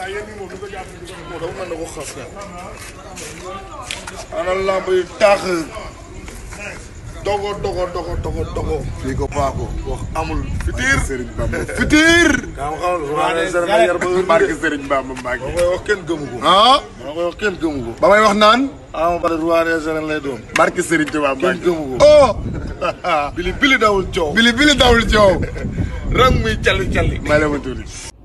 dama mën na ko wax amul fitir Serigne Bamba fitir kam xamal na yar lay doon barke Serigne Touba Mbacke kenn gëmu ko oh! bili bili dawul coow bili bili dawul coow rang muy calli calli may ma tuuti